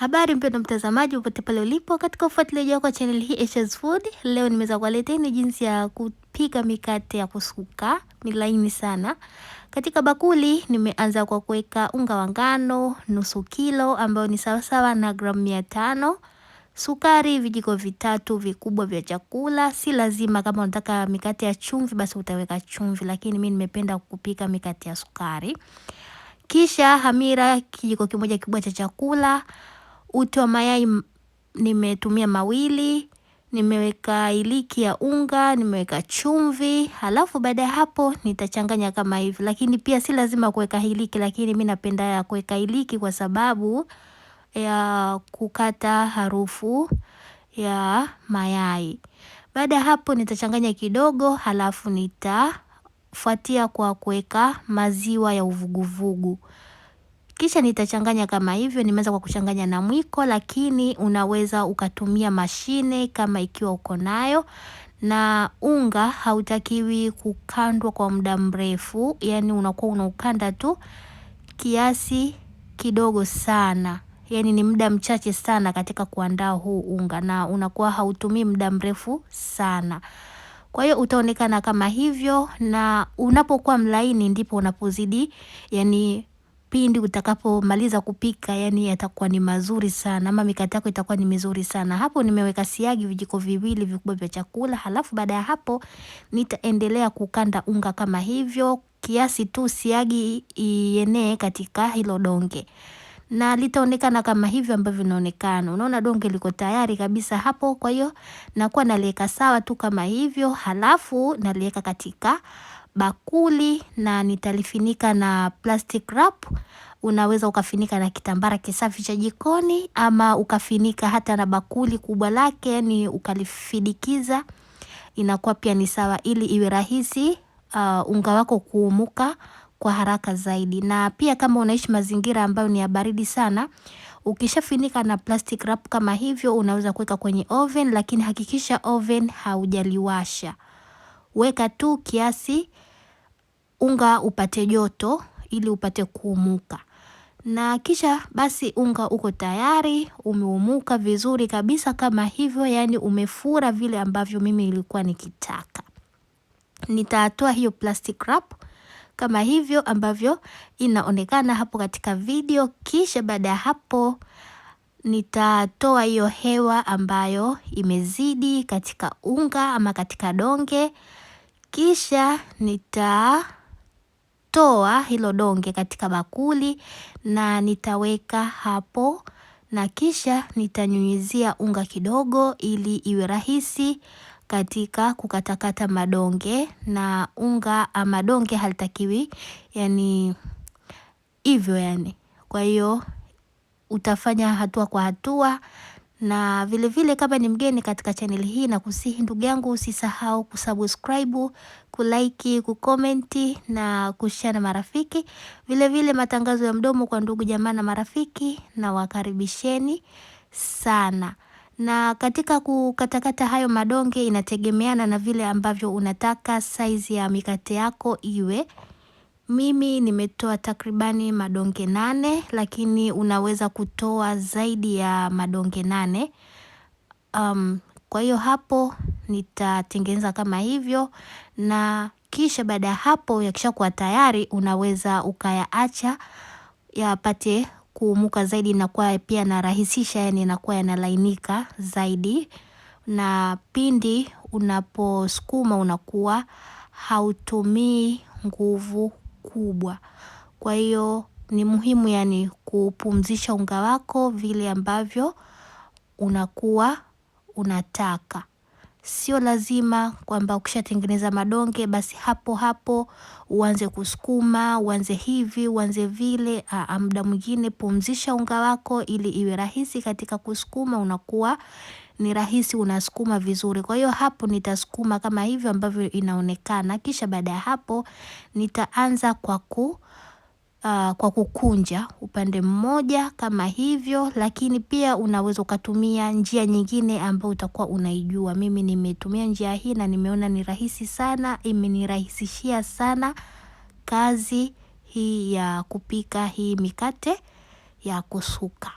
Habari mpendo mtazamaji, upate pale ulipo katika ufuatiliaji wako wa channel hii Ashes Food. Leo nimeweza kuwaleteni jinsi ya kupika mikate ya kusuka, ni laini sana. Katika bakuli nimeanza kwa kuweka unga wa ngano nusu kilo, ambao ni sawasawa na gramu mia tano sukari vijiko vitatu vikubwa vya chakula. Si lazima, kama unataka mikate ya chumvi basi utaweka chumvi, lakini mimi nimependa kupika mikate ya sukari. Kisha hamira kijiko kimoja kikubwa cha chakula Uti wa mayai nimetumia mawili, nimeweka iliki ya unga, nimeweka chumvi, halafu baada ya hapo nitachanganya kama hivi. Lakini pia si lazima kuweka iliki, lakini mi napenda ya kuweka iliki kwa sababu ya kukata harufu ya mayai. Baada ya hapo nitachanganya kidogo halafu nitafuatia kwa kuweka maziwa ya uvuguvugu kisha nitachanganya kama hivyo. Nimeanza kwa kuchanganya na mwiko, lakini unaweza ukatumia mashine kama ikiwa uko nayo na unga hautakiwi kukandwa kwa muda mrefu, yani unakuwa unaukanda tu kiasi kidogo sana, yani ni muda mchache sana katika kuandaa huu unga, na unakuwa hautumii muda mrefu sana. Kwa hiyo utaonekana kama hivyo, na unapokuwa mlaini ndipo unapozidi yani pindi utakapomaliza kupika, yani yatakuwa ni mazuri sana, ama mikate yako itakuwa ni mizuri sana. Hapo nimeweka siagi vijiko viwili vikubwa vya chakula, halafu baada ya hapo nitaendelea kukanda unga kama hivyo, kiasi tu siagi ienee katika hilo donge na litaonekana kama hivyo ambavyo inaonekana. Unaona, donge liko tayari kabisa hapo. Kwa hiyo nakuwa naliweka sawa tu kama hivyo, halafu naliweka katika bakuli na nitalifinika na plastic wrap. Unaweza ukafinika na kitambara kisafi cha jikoni ama ukafinika hata na bakuli kubwa lake, yani ukalifidikiza, inakuwa pia ni sawa, ili iwe rahisi uh, unga wako kuumuka kwa haraka zaidi. Na pia kama unaishi mazingira ambayo ni ya baridi sana, ukishafinika na plastic wrap kama hivyo, unaweza kuweka kwenye oven, lakini hakikisha oven haujaliwasha. Weka tu kiasi unga upate joto ili upate kuumuka, na kisha basi unga uko tayari umeumuka vizuri kabisa kama hivyo, yaani umefura vile ambavyo mimi ilikuwa nikitaka. Nitatoa hiyo plastic wrap kama hivyo ambavyo inaonekana hapo katika video. Kisha baada ya hapo nitatoa hiyo hewa ambayo imezidi katika unga ama katika donge, kisha nita Nitatoa hilo donge katika bakuli na nitaweka hapo na kisha nitanyunyizia unga kidogo ili iwe rahisi katika kukatakata madonge na unga ama donge halitakiwi yani hivyo yani. Kwa hiyo utafanya hatua kwa hatua na vilevile vile kama ni mgeni katika chaneli hii, na kusihi ndugu yangu usisahau kusubscribe, kulike, kukomenti na kushare na marafiki. Vilevile vile matangazo ya mdomo kwa ndugu jamaa na marafiki, na wakaribisheni sana na katika kukatakata hayo madonge inategemeana na vile ambavyo unataka saizi ya mikate yako iwe. Mimi nimetoa takribani madonge nane, lakini unaweza kutoa zaidi ya madonge nane. Um, kwa hiyo hapo nitatengeneza kama hivyo na kisha baada ya hapo yakishakuwa tayari unaweza ukayaacha yapate kuumuka zaidi na kuwa pia narahisisha yani inakuwa yanalainika zaidi na pindi unaposukuma unakuwa hautumii nguvu kubwa. Kwa hiyo ni muhimu yani kupumzisha unga wako vile ambavyo unakuwa unataka. Sio lazima kwamba ukishatengeneza madonge basi hapo hapo uanze kusukuma, uanze hivi, uanze vile. muda mwingine pumzisha unga wako ili iwe rahisi katika kusukuma, unakuwa ni rahisi, unasukuma vizuri. Kwa hiyo hapo nitasukuma kama hivyo ambavyo inaonekana, kisha baada ya hapo nitaanza kwa ku uh, kwa kukunja upande mmoja kama hivyo, lakini pia unaweza ukatumia njia nyingine ambayo utakuwa unaijua. Mimi nimetumia njia hii na nimeona ni rahisi sana, imenirahisishia sana kazi hii ya kupika hii mikate ya kusuka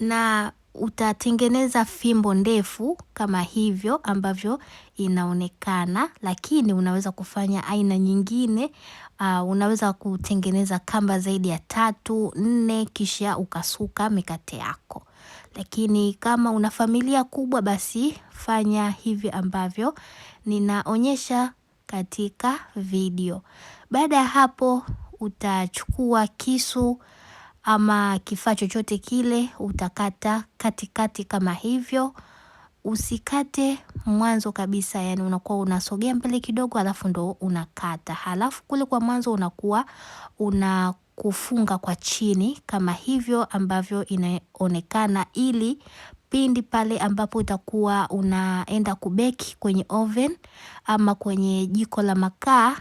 na utatengeneza fimbo ndefu kama hivyo ambavyo inaonekana, lakini unaweza kufanya aina nyingine. Uh, unaweza kutengeneza kamba zaidi ya tatu nne, kisha ukasuka mikate yako. Lakini kama una familia kubwa, basi fanya hivi ambavyo ninaonyesha katika video. Baada ya hapo, utachukua kisu ama kifaa chochote kile, utakata katikati kama hivyo. Usikate mwanzo kabisa, yani unakuwa unasogea mbele kidogo, alafu ndo unakata. Halafu kule kwa mwanzo unakuwa una kufunga kwa chini kama hivyo ambavyo inaonekana, ili pindi pale ambapo utakuwa unaenda kubeki kwenye oven ama kwenye jiko la makaa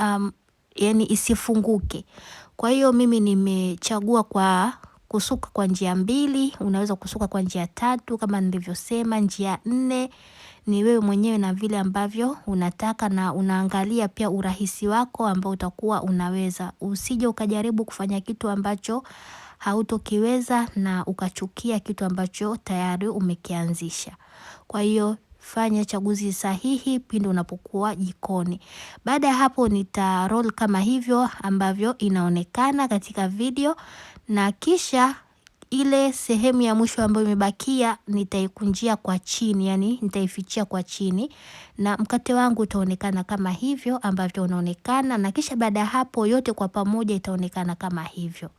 um, yani isifunguke. Kwa hiyo mimi nimechagua kwa kusuka kwa njia mbili, unaweza kusuka kwa njia tatu kama nilivyosema, njia nne ni wewe mwenyewe na vile ambavyo unataka na unaangalia pia urahisi wako ambao utakuwa unaweza. Usije ukajaribu kufanya kitu ambacho hautokiweza na ukachukia kitu ambacho tayari umekianzisha. Kwa hiyo fanya chaguzi sahihi pindi unapokuwa jikoni. Baada ya hapo, nita roll kama hivyo ambavyo inaonekana katika video, na kisha ile sehemu ya mwisho ambayo imebakia nitaikunjia kwa chini, yani nitaifichia kwa chini, na mkate wangu utaonekana kama hivyo ambavyo unaonekana, na kisha baada ya hapo yote kwa pamoja itaonekana kama hivyo.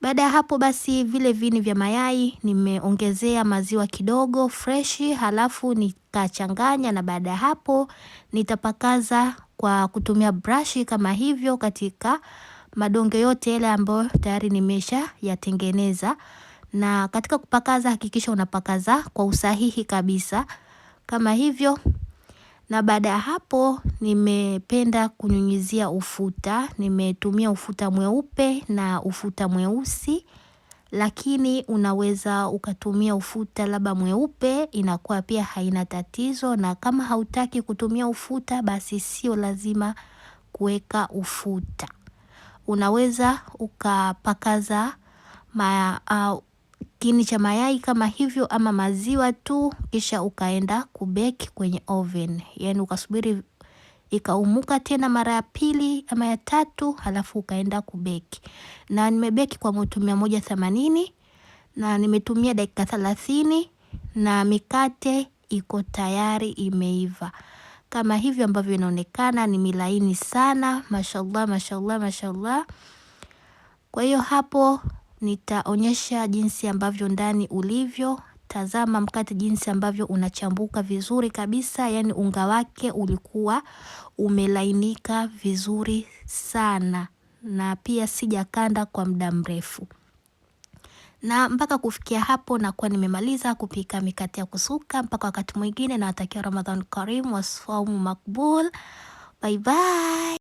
Baada ya hapo basi vile vini vya mayai nimeongezea maziwa kidogo freshi, halafu nikachanganya, na baada ya hapo nitapakaza kwa kutumia brashi kama hivyo katika madonge yote yale ambayo tayari nimesha yatengeneza. Na katika kupakaza, hakikisha unapakaza kwa usahihi kabisa kama hivyo. Na baada ya hapo nimependa kunyunyizia ufuta, nimetumia ufuta mweupe na ufuta mweusi, lakini unaweza ukatumia ufuta labda mweupe inakuwa pia haina tatizo na kama hautaki kutumia ufuta basi sio lazima kuweka ufuta. Unaweza ukapakaza uh, kini cha mayai kama hivyo ama maziwa tu, kisha ukaenda kubeki kwenye oven, yani ukasubiri ikaumuka tena mara ya pili ama ya tatu, halafu ukaenda kubeki. Na nimebeki kwa moto mia moja themanini na nimetumia dakika thelathini na mikate iko tayari imeiva kama hivyo ambavyo inaonekana, ni milaini sana. Mashallah, mashallah, mashallah. Kwa hiyo hapo Nitaonyesha jinsi ambavyo ndani ulivyo. Tazama mkate jinsi ambavyo unachambuka vizuri kabisa, yaani unga wake ulikuwa umelainika vizuri sana na pia sijakanda kwa muda mrefu. Na mpaka kufikia hapo nakuwa nimemaliza kupika mikate ya kusuka mpaka wakati mwingine nawatakia Ramadhan Karim, waswaumu makbul. Bye bye.